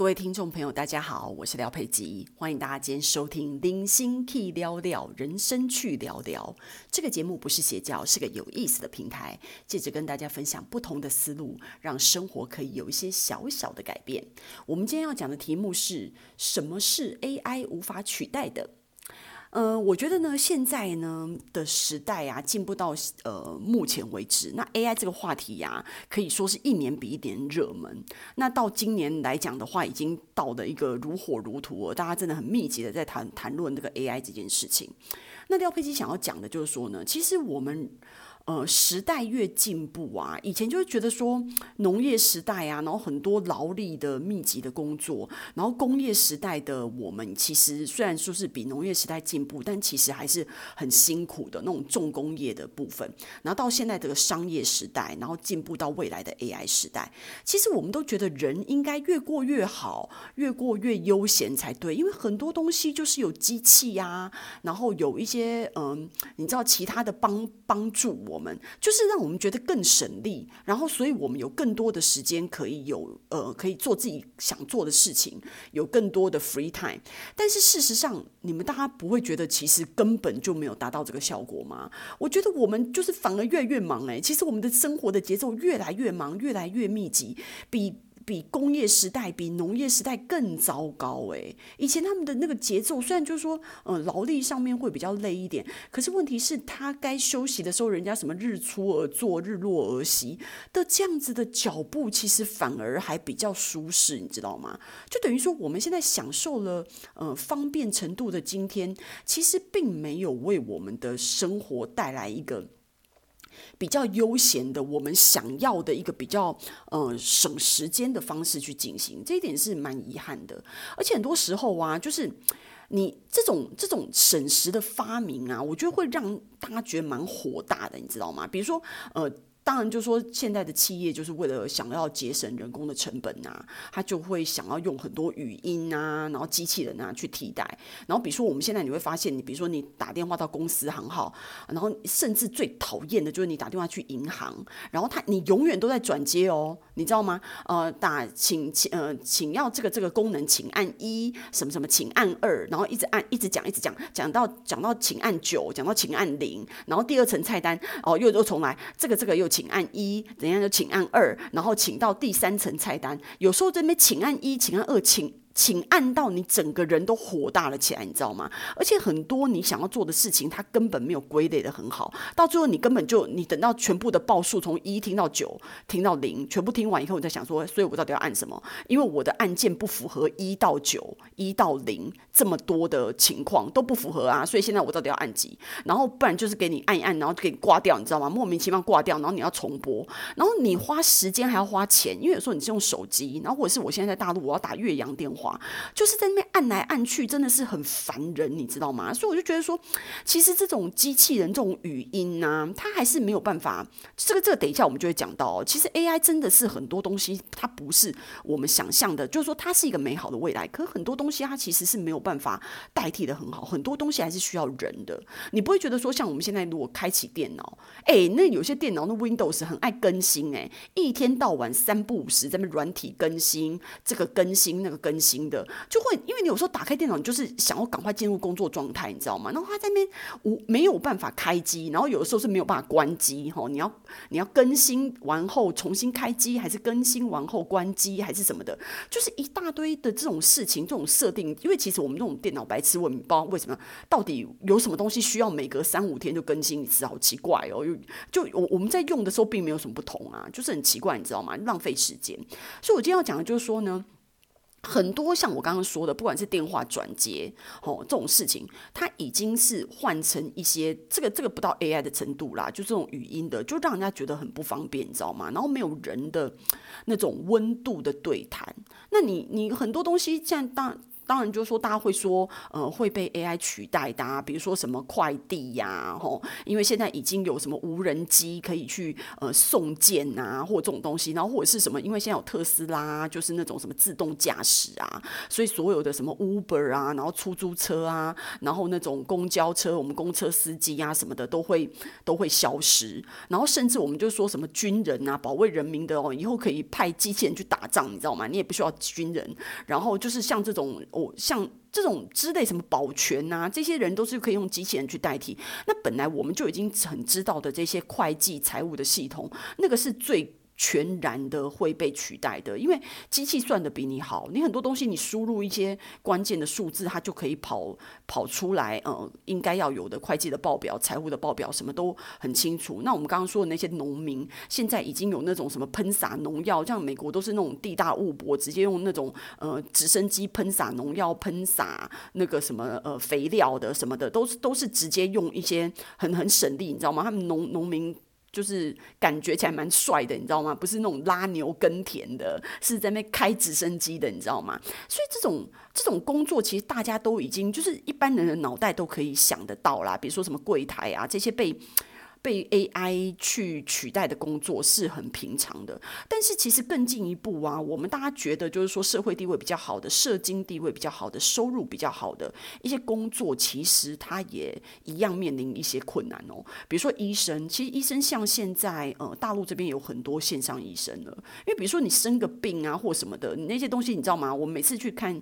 各位聽眾朋友，大家好，我是廖佩吉，歡迎大家今天收聽《零星 key 聊聊，人生去聊聊》這個節目不是邪教，是個有意思的平台，借着跟大家分享不同的思路，讓生活可以有一些小小的改變。我們今天要講的題目是：什麼是 AI 無法取代的？呃，我覺得呢，現在呢的時代啊，進步到呃目前為止，那 AI 這個話題呀，可以說是一年比一年熱門。那到今年來講的話，已經到了一個如火如荼，大家真的很密集的在談談論這個 AI 這件事情。那廖佩琪想要講的就是說呢，其實我們。呃，時代越進步啊，以前就是覺得說農業時代啊，然後很多勞力的密集的工作，然後工業時代的我們其實雖然說是比農業時代進步，但其實還是很辛苦的那種重工業的部分。然後到現在這個商業時代，然後進步到未來的 AI 時代，其實我們都覺得人應該越過越好，越過越悠閒才對，因為很多東西就是有機器呀，然後有一些嗯，你知道其他的幫幫助。我們就是讓我們覺得更省力，然後所以我們有更多的時間可以有呃，可以做自己想做的事情，有更多的 free time。但是事實上，你們大家不會覺得其實根本就沒有達到這個效果嗎？我覺得我們就是反而越來越忙誒，其實我們的生活的節奏越來越忙，越來越密集，比。比工業時代、比農業時代更糟糕誒、欸，以前他們的那個節奏，雖然就是說，嗯、呃，勞力上面會比較累一點，可是問題是，他該休息的時候，人家什麼日出而作、日落而息的這樣子的腳步，其實反而還比較舒適，你知道嗎？就等於說，我們現在享受了，嗯、呃，方便程度的今天，其實並沒有為我們的生活帶來一個。比較悠閒的，我們想要的一個比較，呃，省時間的方式去進行，這一點是蠻遺憾的。而且很多時候啊，就是你這種這種省時的發明啊，我覺得會讓大家覺得蠻火大的，你知道嗎？比如說，呃。當然，就說現在的企業就是為了想要節省人工的成本吶、啊，他就會想要用很多語音吶、啊，然後機器人啊去替代。然後，比如說我們現在你會發現，你比如說你打電話到公司行號，然後甚至最討厭的就是你打電話去銀行，然後他你永遠都在轉接哦，你知道嗎？呃，打請請呃，請要這個這個功能，請按一什麼什麼，請按二，然後一直按一直講一直講，講到講到請按九，講到請按零，然後第二層菜單哦、呃、又又重來，這個這個、這個、又。請按 1, 一，等下就請按二，然後請到第三層菜單。有時候這邊請按一，請按二，請。請按到你整個人都火大了起來，你知道嗎？而且很多你想要做的事情，它根本沒有歸類的很好，到最後你根本就你等到全部的報數從一聽到九，聽到零，全部聽完以後，你在想說，所以我到底要按什麼？因為我的按鍵不符合一到九、一到零這麼多的情況都不符合啊，所以現在我到底要按幾？然後不然就是給你按一按，然後給你掛掉，你知道嗎？莫名其妙掛掉，然後你要重撥，然後你花時間還要花錢，因為有時候你是用手機，然後或者是我現在在大陸，我要打越洋電話。就是在那邊按來按去，真的是很煩人，你知道嗎？所以我就覺得說，其實這種機器人、這種語音吶、啊，它還是沒有辦法。這個、這個，等一下我們就會講到哦、喔。其實 AI 真的是很多東西，它不是我們想象的，就是說它是一個美好的未來。可是很多東西它其實是沒有辦法代替的很好，很多東西還是需要人的。你不會覺得說，像我們現在如果開啟電腦，誒，那有些電腦那 Windows 很愛更新，誒，一天到晚三不五時在那軟體更新，這個更新那個更新。新的就會，因為你有時候打開電腦，你就是想要趕快進入工作狀態，你知道嗎？然後他在那邊無沒有辦法開機，然後有的時候是沒有辦法關機，吼、哦，你要你要更新完後重新開機，還是更新完後關機，還是什麼的，就是一大堆的這種事情，這種設定。因為其實我們這種電腦白痴，我們不知道為什麼到底有什麼東西需要每隔三五天就更新一次，好奇怪哦！就我我們在用的時候並沒有什麼不同啊，就是很奇怪，你知道嗎？浪費時間。所以我今天要講的就是說呢。很多像我剛剛說的，不管是電話轉接，吼、哦、這種事情，它已經是換成一些這個這個不到 AI 的程度啦，就這種語音的，就讓人家覺得很不方便，你知道嗎？然後沒有人的那種溫度的對談，那你你很多東西現在當。當然，就是說大家會說，呃，會被 AI 取代的啊，比如說什麼快遞呀、啊，吼，因為現在已經有什麼無人機可以去呃送件啊，或這種東西，然後或者是什麼，因為現在有特斯拉，就是那種什麼自動駕駛啊，所以所有的什麼 Uber 啊，然後出租車啊，然後那種公交車，我們公車司機啊什麼的都會都會消失，然後甚至我們就說什麼軍人啊，保衛人民的哦，以後可以派機器人去打仗，你知道嗎？你也不需要軍人，然後就是像這種。像這種之類什麼保全啊，這些人都是可以用機器人去代替。那本來我們就已經很知道的這些會計財務的系統，那個是最。全然的會被取代的，因為機器算得比你好。你很多東西，你輸入一些關鍵的數字，它就可以跑跑出來。呃，應該要有的會計的報表、財務的報表，什麼都很清楚。那我們剛剛說的那些農民，現在已經有那種什麼噴灑農藥，像美國都是那種地大物博，直接用那種呃直升機噴灑農藥、噴灑那個什麼呃肥料的什麼的，都是都是直接用一些很很省力，你知道嗎？他們農農民。就是感覺起來蠻帥的，你知道嗎？不是那種拉牛耕田的，是在那邊開直升機的，你知道嗎？所以這種這種工作其實大家都已經就是一般人的腦袋都可以想得到啦，比如說什麼櫃檯啊，這些被。被 AI 去取代的工作是很平常的，但是其實更進一步啊，我們大家覺得就是說社會地位比較好的、社經地位比較好的、收入比較好的一些工作，其實它也一樣面臨一些困難哦。比如說醫生，其實醫生像現在呃大陸這邊有很多線上醫生了，因為比如說你生個病啊或什麼的，你那些東西你知道嗎？我每次去看。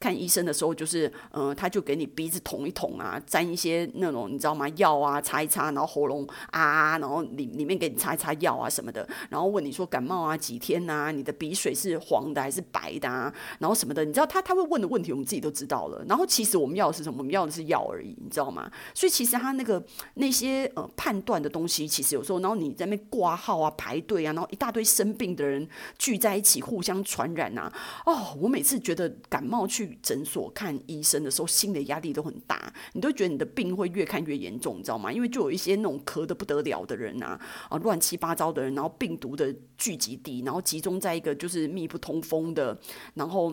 看醫生的時候，就是，嗯、呃，他就給你鼻子捅一捅啊，沾一些那種你知道嗎藥啊，擦一擦，然後喉嚨啊，然後裡裡面給你擦一擦藥啊什麼的，然後問你說感冒啊幾天吶、啊，你的鼻水是黃的還是白的啊，然後什麼的，你知道他他會問的問題，我們自己都知道了。然後其實我們要的是什麼，我們要的是藥而已，你知道嗎？所以其實他那個那些呃判斷的東西，其實有時候，然後你在那邊掛號啊排隊啊，然後一大堆生病的人聚在一起互相傳染啊。哦，我每次覺得感冒去。去診所看醫生的時候，心理壓力都很大，你都覺得你的病會越看越嚴重，你知道嗎？因為就有一些那種咳得不得了的人啊，啊，亂七八糟的人，然後病毒的聚集地，然後集中在一個就是密不通風的，然後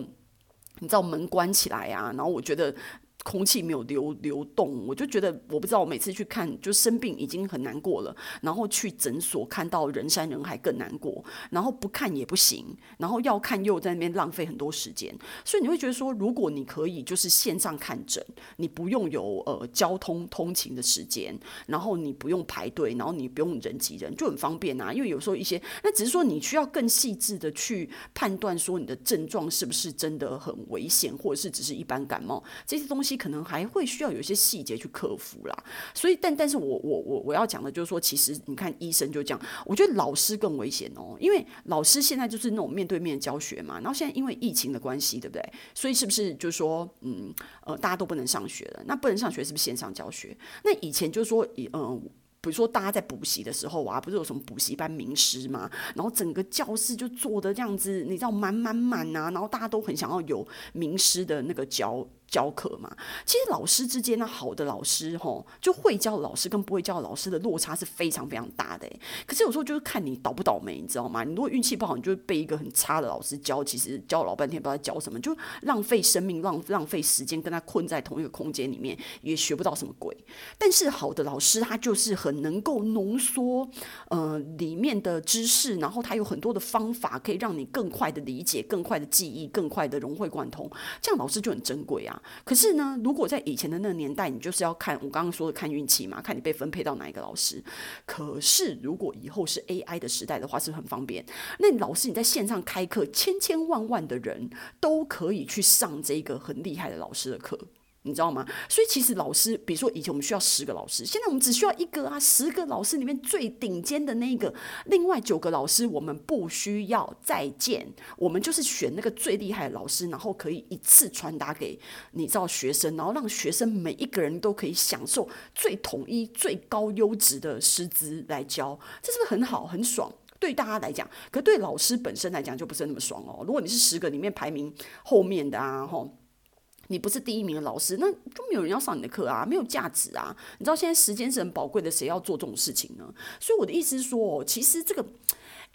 你知道門關起來啊，然後我覺得。空氣沒有流流動，我就覺得我不知道。我每次去看，就生病已經很難過了，然後去診所看到人山人海更難過，然後不看也不行，然後要看又在那邊浪費很多時間，所以你會覺得說，如果你可以就是線上看診，你不用有呃交通通勤的時間，然後你不用排隊，然後你不用人擠人，就很方便啊。因為有時候一些那只是說你需要更細緻的去判斷說你的症狀是不是真的很危險，或者是只是一般感冒這些東西。可能還會需要有一些細節去克服啦，所以，但但是我我我我要講的就是說，其實你看醫生就這樣，我覺得老師更危險哦，因為老師現在就是那種面對面教學嘛，然後現在因為疫情的關係，對不對？所以是不是就是說，嗯，呃，大家都不能上學了，那不能上學是不是線上教學？那以前就是說，嗯，比如說大家在補習的時候啊，不是有什麼補習班名師嘛，然後整個教室就坐得這樣子，你知道滿滿滿啊，然後大家都很想要有名師的那個教，教課嘛，其實老師之間呢，好的老師哦，就會教老師跟不會教老師的落差是非常非常大的。可是有時候就是看你倒不倒霉，你知道嗎？你如果運氣不好，你就會被一個很差的老師教，其實教老半天不知道教什麼，就浪費生命、浪浪費時間，跟他困在同一個空間裡面，也學不到什麼鬼。但是好的老師他就是很能夠濃縮呃裡面的知識，然後他有很多的方法可以讓你更快的理解、更快的記憶、更快的融會貫通。這樣老師就很珍貴啊。可是呢，如果在以前的那個年代，你就是要看我剛剛說的看運氣嘛，看你被分配到哪一個老師。可是如果以後是 AI 的時代的話，是不是很方便？那你老師你在線上開課，千千萬萬的人都可以去上這個很厲害的老師的課。你知道嗎？所以其實老師，比如說以前我們需要十個老師，現在我們只需要一個啊。十個老師裡面最頂尖的那一個，另外九個老師我們不需要再見。我們就是選那個最厲害的老師，然後可以一次傳達給你知道學生，然後讓學生每一個人都可以享受最統一、最高優質的師資來教，這是不是很好、很爽？對大家來講，可對老師本身來講就不是那麼爽哦。如果你是十個裡面排名後面的啊，齁。你不是第一名的老師，那就沒有人要上你的課啊，沒有價值啊。你知道現在時間是很寶貴的，誰要做這種事情呢？所以我的意思是說，哦，其實這個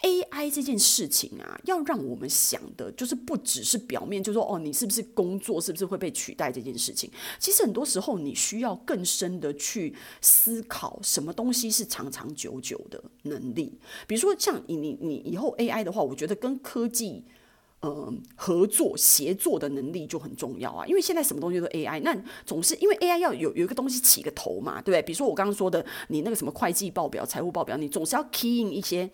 AI 這件事情啊，要讓我們想的就是不只是表面，就是說哦，你是不是工作是不是會被取代這件事情。其實很多時候你需要更深的去思考，什麼東西是長長久久的能力。比如說像你你你以後 AI 的話，我覺得跟科技。嗯，合作協作的能力就很重要啊，因為現在什麼東西都 AI，那總是因為 AI 要有有一個東西起個頭嘛，對不對？比如說我剛剛說的，你那個什麼會計報表、財務報表，你總是要 key in 一些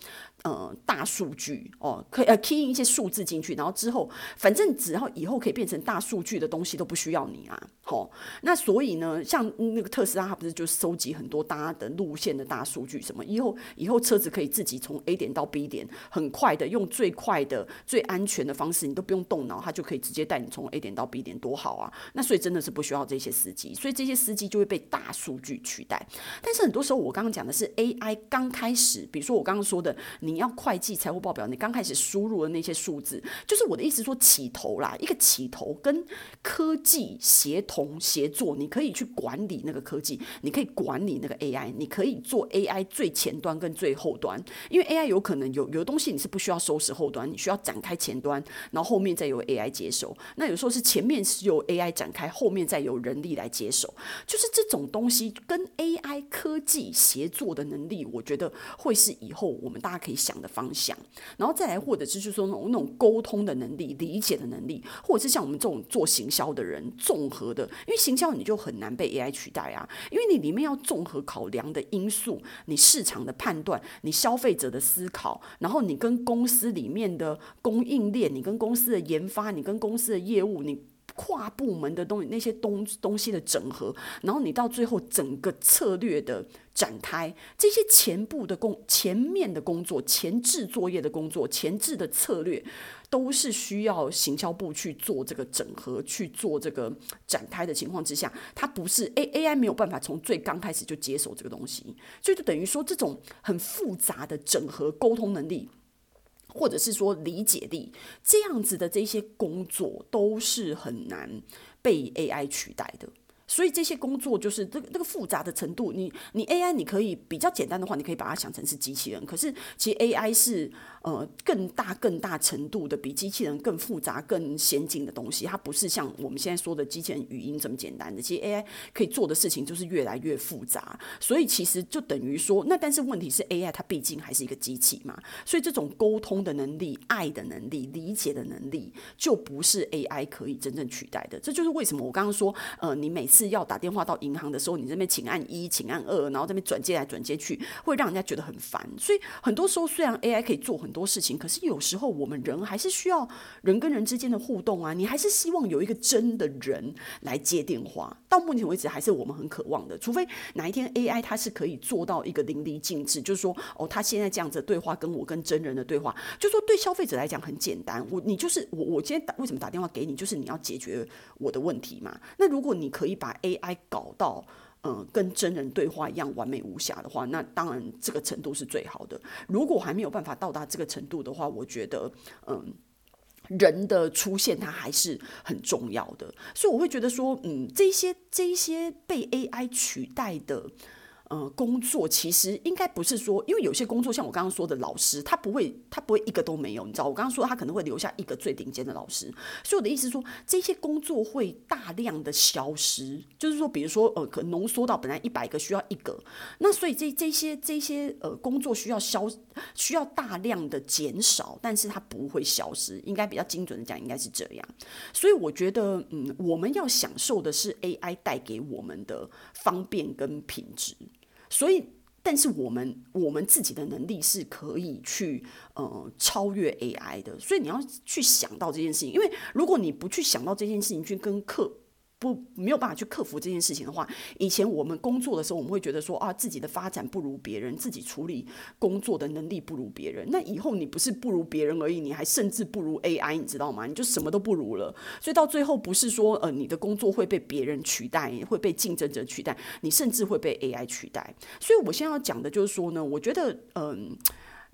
呃大數據哦，可以 key in 一些數字進去，然後之後反正只要以後可以變成大數據的東西都不需要你啊，好、哦，那所以呢，像那個特斯拉，它不是就收集很多大家的路線的大數據，什麼以後以後車子可以自己從 A 點到 B 點，很快的用最快的、最安全的方式你都不用動腦，它就可以直接帶你從 A 點到 B 點，多好啊！那所以真的是不需要這些司機，所以這些司機就會被大數據取代。但是很多時候，我剛剛講的是 AI 剛開始，比如說我剛剛說的，你要會計財務報表，你剛開始輸入的那些數字，就是我的意思說起頭啦。一個起頭跟科技協同協作，你可以去管理那個科技，你可以管理那個 AI，你可以做 AI 最前端跟最後端，因為 AI 有可能有有的東西你是不需要收拾後端，你需要展開前端。然後後面再由 AI 接手，那有時候是前面是由 AI 展開，後面再由人力來接手。就是這種東西跟 AI 科技協作的能力，我覺得會是以後我們大家可以想的方向。然後再來，或者是就是說那種那種溝通的能力、理解的能力，或者是像我們這種做行銷的人，綜合的，因為行銷你就很難被 AI 取代啊，因為你裡面要綜合考量的因素，你市場的判斷，你消費者的思考，然後你跟公司裡面的供應鏈。你跟公司的研發，你跟公司的業務，你跨部門的東西，那些東東西的整合，然後你到最後整個策略的展開，這些前部的工，前面的工作，前置作業的工作，前置的策略，都是需要行銷部去做這個整合，去做這個展開的情況之下，它不是 A A I 沒有辦法從最剛開始就接手這個東西，所以就等於說，這種很複雜的整合溝通能力。或者是說理解力這樣子的這些工作，都是很難被 AI 取代的。所以這些工作就是這個這個複雜的程度，你你 AI 你可以比較簡單的話，你可以把它想成是機器人。可是其實 AI 是呃更大更大程度的比機器人更複雜、更先進的東西。它不是像我們現在說的機器人語音這麼簡單的。其實 AI 可以做的事情就是越來越複雜。所以其實就等於說，那但是問題是 AI 它畢竟還是一個機器嘛，所以這種溝通的能力、愛的能力、理解的能力，就不是 AI 可以真正取代的。這就是為什麼我剛剛說，呃，你每次。要打電話到銀行的時候，你這邊請按一，請按二，然後這邊轉接來轉接去，會讓人家覺得很煩。所以很多時候，雖然 AI 可以做很多事情，可是有時候我們人還是需要人跟人之間的互動啊。你還是希望有一個真的人來接電話。到目前為止，還是我們很渴望的。除非哪一天 AI 它是可以做到一個淋漓盡致，就是說哦，他現在這樣子的對話跟我跟真人的對話，就說對消費者來講很簡單。我你就是我，我今天打為什麼打電話給你，就是你要解決我的問題嘛。那如果你可以把 AI 搞到嗯跟真人對話一樣完美無瑕的話，那當然這個程度是最好的。如果還沒有辦法到達這個程度的話，我覺得嗯人的出現它還是很重要的。所以我會覺得說嗯這些這些被 AI 取代的。呃，工作其實應該不是說，因為有些工作像我剛剛說的老師，他不會，他不會一個都沒有，你知道？我剛剛說他可能會留下一個最頂尖的老師，所以我的意思是說，這些工作會大量的消失，就是說，比如說，呃，可能濃縮到本來一百個需要一個，那所以這這些這些呃工作需要消需要大量的減少，但是它不會消失，應該比較精準的講，應該是這樣。所以我覺得，嗯，我們要享受的是 AI 帶給我們的方便跟品質。所以，但是我們我們自己的能力是可以去呃超越 AI 的。所以你要去想到這件事情，因為如果你不去想到這件事情，去跟課。不，沒有辦法去克服這件事情的話，以前我們工作的時候，我們會覺得說啊，自己的發展不如別人，自己處理工作的能力不如別人。那以後你不是不如別人而已，你還甚至不如 AI，你知道嗎？你就什麼都不如了。所以到最後，不是說呃，你的工作會被別人取代，會被競爭者取代，你甚至會被 AI 取代。所以我現在要講的就是說呢，我覺得嗯。呃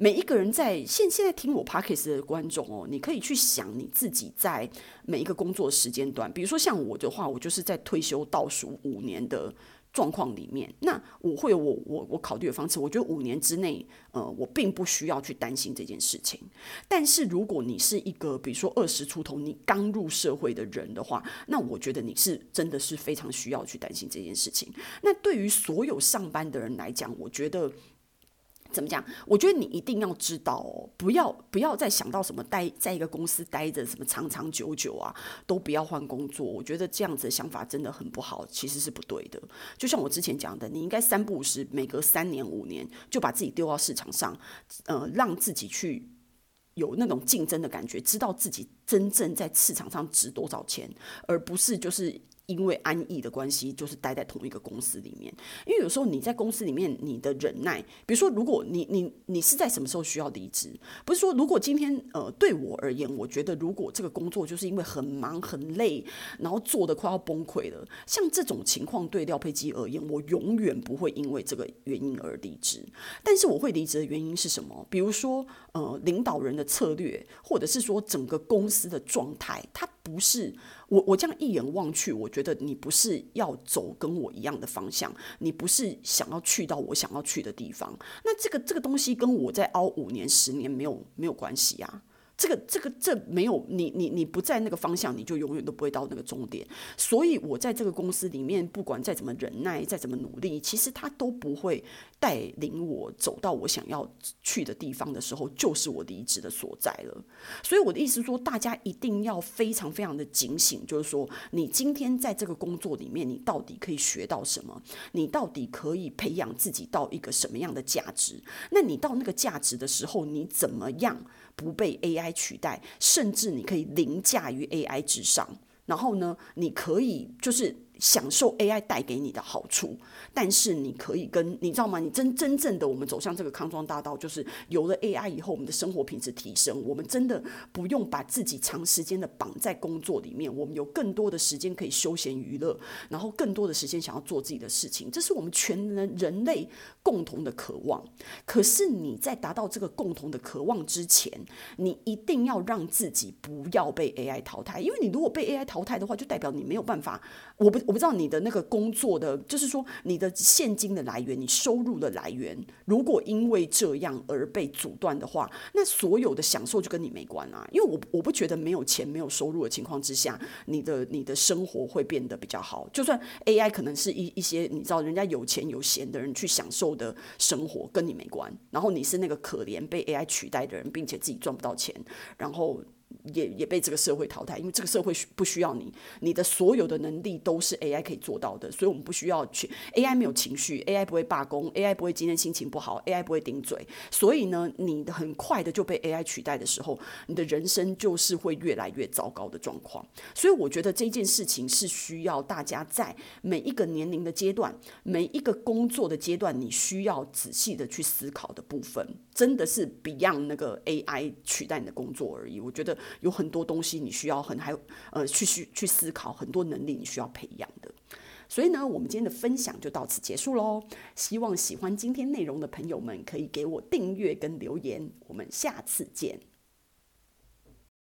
每一個人在現現在聽我 podcast 的觀眾哦，你可以去想你自己在每一個工作時間段，比如說像我的話，我就是在退休倒數五年的狀況裡面，那我會有我我我考慮的方式。我覺得五年之內，呃，我並不需要去擔心這件事情。但是如果你是一個比如說二十出頭，你剛入社會的人的話，那我覺得你是真的是非常需要去擔心這件事情。那對於所有上班的人來講，我覺得。怎麼講？我覺得你一定要知道哦，不要不要再想到什麼待在一個公司待着什麼長長久久啊，都不要換工作。我覺得這樣子的想法真的很不好，其實是不對的。就像我之前講的，你應該三不五時，每隔三年五年就把自己丟到市場上，呃，讓自己去有那種競爭的感覺，知道自己真正在市場上值多少錢，而不是就是。因為安逸的關係，就是待在同一個公司裡面。因為有時候你在公司裡面，你的忍耐，比如說，如果你你你是在什麼時候需要離職？不是說如果今天呃，對我而言，我覺得如果這個工作就是因為很忙很累，然後做得快要崩潰了，像這種情況，對廖佩基而言，我永遠不會因為這個原因而離職。但是我會離職的原因是什麼？比如說，呃，領導人的策略，或者是說整個公司的狀態，它不是。我我這樣一眼望去，我覺得你不是要走跟我一樣的方向，你不是想要去到我想要去的地方，那這個這個東西跟我再熬五年十年沒有沒有關係呀。這個這個這沒有你你你不在那個方向，你就永遠都不會到那個終點。所以，我在這個公司裡面，不管再怎麼忍耐，再怎麼努力，其實他都不會帶領我走到我想要去的地方的時候，就是我離職的所在了。所以，我的意思說，大家一定要非常非常的警醒，就是說，你今天在這個工作裡面，你到底可以學到什麼？你到底可以培養自己到一個什麼樣的價值？那你到那個價值的時候，你怎麼樣？不被 AI 取代，甚至你可以凌駕於 AI 之上。然後呢，你可以就是。享受 AI 帶給你的好處，但是你可以跟你知道嗎？你真真正的我們走向這個康莊大道，就是有了 AI 以後，我們的生活品質提升，我們真的不用把自己長時間的綁在工作裡面，我們有更多的時間可以休閒娛樂，然後更多的時間想要做自己的事情，這是我們全人，人類共同的渴望。可是你在達到這個共同的渴望之前，你一定要讓自己不要被 AI 淘汰，因為你如果被 AI 淘汰的話，就代表你沒有辦法，我不。我不知道你的那個工作的，就是說你的現金的來源，你收入的來源，如果因為這樣而被阻斷的話，那所有的享受就跟你沒關啊。因為我我不覺得沒有錢、沒有收入的情況之下，你的你的生活會變得比較好。就算 AI 可能是一一些你知道人家有錢有閒的人去享受的生活，跟你沒關。然後你是那個可憐被 AI 取代的人，並且自己賺不到錢，然後。也也被這個社會淘汰，因為這個社會不需要你，你的所有的能力都是 AI 可以做到的，所以我們不需要去 AI 沒有情緒，AI 不會罷工，AI 不會今天心情不好，AI 不會頂嘴，所以呢，你很快的就被 AI 取代的時候，你的人生就是會越來越糟糕的狀況。所以我覺得這件事情是需要大家在每一個年齡的階段、每一個工作的階段，你需要仔細的去思考的部分，真的是 Beyond 那個 AI 取代你的工作而已。我覺得。有很多東西你需要很還呃、去去去思考，很多能力你需要培養的，所以呢，我們今天的分享就到此結束嘍。希望喜歡今天內容的朋友們可以給我訂閱跟留言，我們下次見。